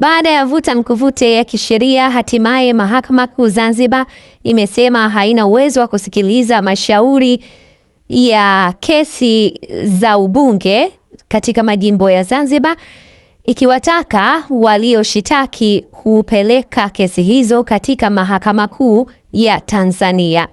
Baada ya vuta mkuvute ya kisheria, hatimaye Mahakama Kuu Zanzibar imesema haina uwezo wa kusikiliza mashauri ya kesi za ubunge katika majimbo ya Zanzibar, ikiwataka walioshitaki kupeleka kesi hizo katika Mahakama Kuu ya Tanzania.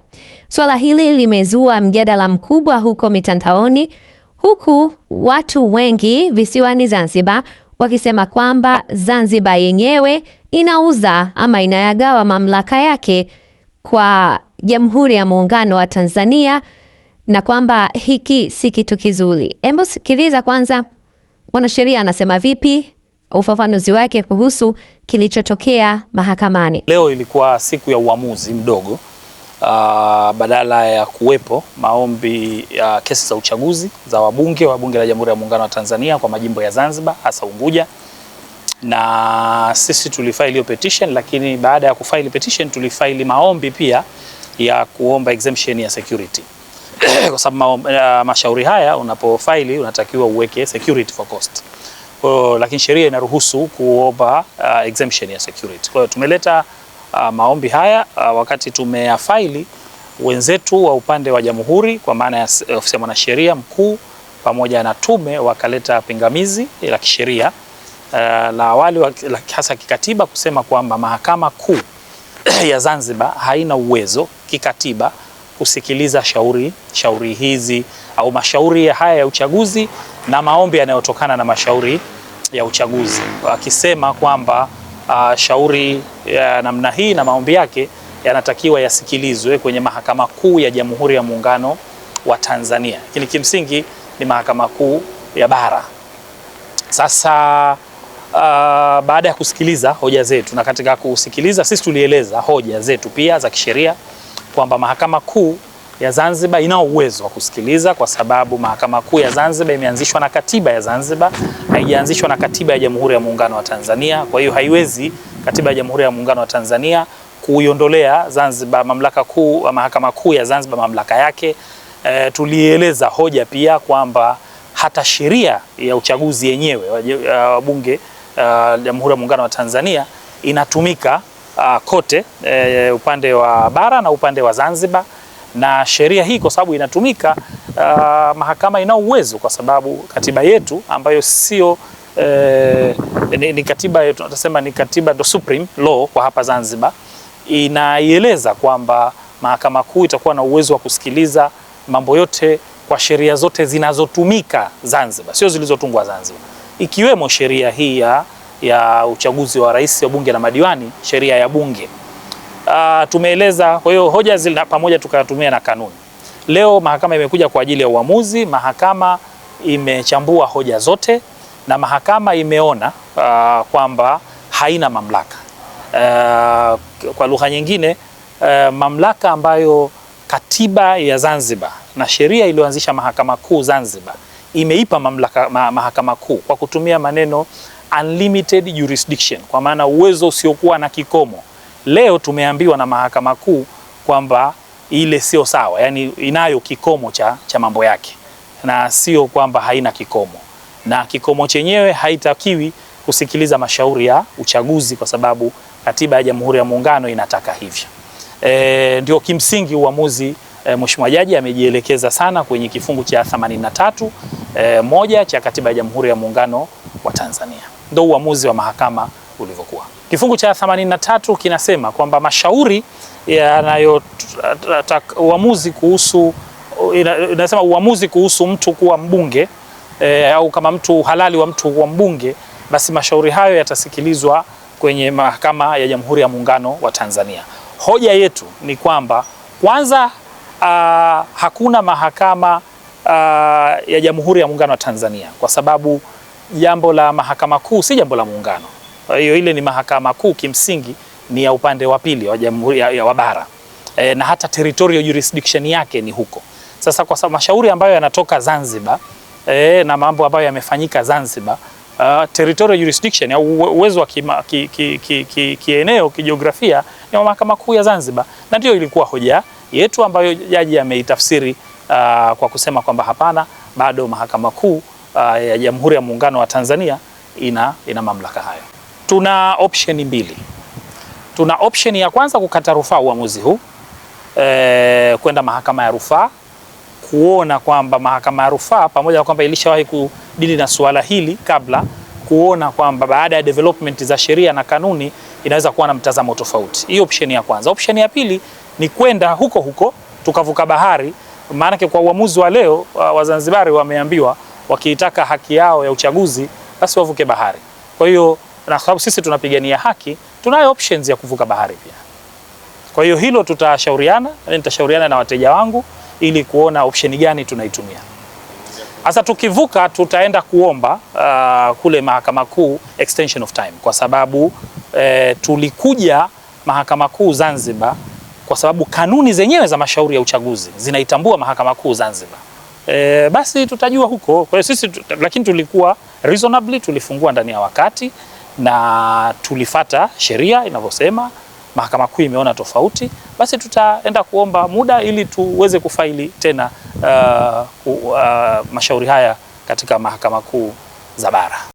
Swala hili limezua mjadala mkubwa huko mitandaoni, huku watu wengi visiwani Zanzibar wakisema kwamba Zanzibar yenyewe inauza ama inayagawa mamlaka yake kwa Jamhuri ya Muungano wa Tanzania na kwamba hiki si kitu kizuri. Hebu sikiliza kwanza mwanasheria anasema vipi ufafanuzi wake kuhusu kilichotokea mahakamani. Leo ilikuwa siku ya uamuzi mdogo Ah, badala ya kuwepo maombi ya kesi za uchaguzi za wabunge wa bunge la Jamhuri ya Muungano wa Tanzania kwa majimbo ya Zanzibar hasa Unguja, na sisi tulifaili hiyo petition, lakini baada ya kufaili petition tulifaili maombi pia ya kuomba exemption ya security kwa sababu uh, mashauri haya unapofaili unatakiwa uweke security for cost. Kwa lakini sheria inaruhusu kuomba uh, exemption ya security. Kwa hiyo tumeleta uh, maombi haya uh, wakati tumeyafaili wenzetu wa upande wa jamhuri kwa maana ya ofisi ya mwanasheria mkuu pamoja na tume wakaleta pingamizi la kisheria uh, la awali hasa kikatiba kusema kwamba mahakama kuu ya Zanzibar haina uwezo kikatiba kusikiliza shauri shauri hizi au mashauri haya ya uchaguzi na maombi yanayotokana na mashauri ya uchaguzi, akisema kwamba uh, shauri ya namna hii na maombi yake yanatakiwa yasikilizwe kwenye Mahakama Kuu ya Jamhuri ya Muungano wa Tanzania, lakini kimsingi ni Mahakama Kuu ya Bara. Sasa uh, baada ya kusikiliza hoja zetu, na katika kusikiliza sisi tulieleza hoja zetu pia za kisheria kwamba Mahakama Kuu ya Zanzibar ina uwezo wa kusikiliza kwa sababu Mahakama Kuu ya Zanzibar imeanzishwa na katiba ya Zanzibar, haijaanzishwa na katiba ya Jamhuri ya Muungano wa Tanzania. Kwa hiyo haiwezi katiba ya Jamhuri ya Muungano wa Tanzania kuiondolea Zanzibar mamlaka kuu, Mahakama Kuu ya Zanzibar mamlaka yake. E, tulieleza hoja pia kwamba hata sheria ya uchaguzi yenyewe wa eh, bunge eh, Jamhuri ya Muungano wa Tanzania inatumika a, kote e, upande wa bara na upande wa Zanzibar na sheria hii kwa sababu inatumika, uh, mahakama ina uwezo kwa sababu katiba yetu ambayo sio eh, ni, ni katiba tunasema ni katiba the supreme law kwa hapa Zanzibar inaieleza kwamba mahakama kuu itakuwa na uwezo wa kusikiliza mambo yote kwa sheria zote zinazotumika Zanzibar, sio zilizotungwa Zanzibar, ikiwemo sheria hii ya uchaguzi wa rais wa bunge na madiwani, sheria ya bunge uh, tumeeleza. Kwa hiyo hoja zina pamoja tukatumia na kanuni. Leo mahakama imekuja kwa ajili ya uamuzi. Mahakama imechambua hoja zote na mahakama imeona uh, kwamba haina mamlaka uh, kwa lugha nyingine uh, mamlaka ambayo katiba ya Zanzibar na sheria iliyoanzisha mahakama kuu Zanzibar imeipa mamlaka ma, mahakama kuu kwa kutumia maneno unlimited jurisdiction, kwa maana uwezo usiokuwa na kikomo. Leo tumeambiwa na Mahakama Kuu kwamba ile sio sawa, yani inayo kikomo cha, cha mambo yake na sio kwamba haina kikomo, na kikomo chenyewe haitakiwi kusikiliza mashauri ya uchaguzi kwa sababu katiba ya Jamhuri ya Muungano inataka hivyo. E, ndio kimsingi uamuzi e, Mheshimiwa Jaji amejielekeza sana kwenye kifungu cha 83 e, moja cha katiba ya Jamhuri ya Muungano wa Tanzania. Ndio uamuzi wa mahakama ulivyokuwa. Kifungu cha 83 kinasema kwamba mashauri yanayo uamuzi kuhusu inasema uamuzi kuhusu mtu kuwa mbunge e, au kama mtu halali wa mtu kuwa mbunge, basi mashauri hayo yatasikilizwa kwenye mahakama ya Jamhuri ya Muungano wa Tanzania. Hoja yetu ni kwamba kwanza, aa, ah, hakuna mahakama aa, ah, ya Jamhuri ya Muungano wa Tanzania kwa sababu jambo la Mahakama Kuu si jambo la muungano. Kwa hiyo ile ni mahakama kuu kimsingi ni ya upande wa pili wa jamhuri ya, ya bara e, na hata territorial jurisdiction yake ni huko. Sasa kwa mashauri ambayo yanatoka Zanzibar e, na mambo ambayo yamefanyika Zanzibar Uh, territorial jurisdiction au uwezo wa kieneo ki, ki, ki, ki, ki kijiografia ni wa mahakama kuu ya Zanzibar, na ndio ilikuwa hoja yetu ambayo jaji ameitafsiri uh, kwa kusema kwamba hapana, bado mahakama kuu uh, ya Jamhuri ya Muungano wa Tanzania ina, ina mamlaka hayo. Tuna option mbili. Tuna option ya kwanza kukata rufaa uamuzi huu e, kwenda mahakama ya rufaa kuona kwamba mahakama ya rufaa pamoja na kwamba ilishawahi kudili na suala hili kabla, kuona kwamba baada ya development za sheria na kanuni inaweza kuwa na mtazamo tofauti. Hiyo option ya kwanza. Option ya pili ni kwenda huko huko tukavuka bahari, maanake kwa uamuzi wa leo Wazanzibari wameambiwa wakiitaka haki yao ya uchaguzi basi wavuke bahari. Kwa hiyo na sababu sisi tunapigania haki, tunayo options ya kuvuka bahari pia. Kwa hiyo hilo tutashauriana, nitashauriana na wateja wangu ili kuona option gani tunaitumia. Sasa tukivuka tutaenda kuomba uh, kule Mahakama Kuu extension of time kwa sababu eh, tulikuja Mahakama Kuu Zanzibar kwa sababu kanuni zenyewe za mashauri ya uchaguzi zinaitambua Mahakama Kuu Zanzibar. E, basi tutajua huko. Kwa hiyo sisi, lakini tulikuwa reasonably tulifungua ndani ya wakati na tulifata sheria inavyosema. Mahakama Kuu imeona tofauti, basi tutaenda kuomba muda ili tuweze kufaili tena uh, uh, mashauri haya katika mahakama kuu za bara.